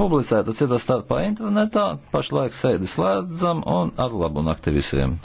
publicēta cita starpā internetā, pašlaik sēdi slēdzam un ar labu nakti visiem!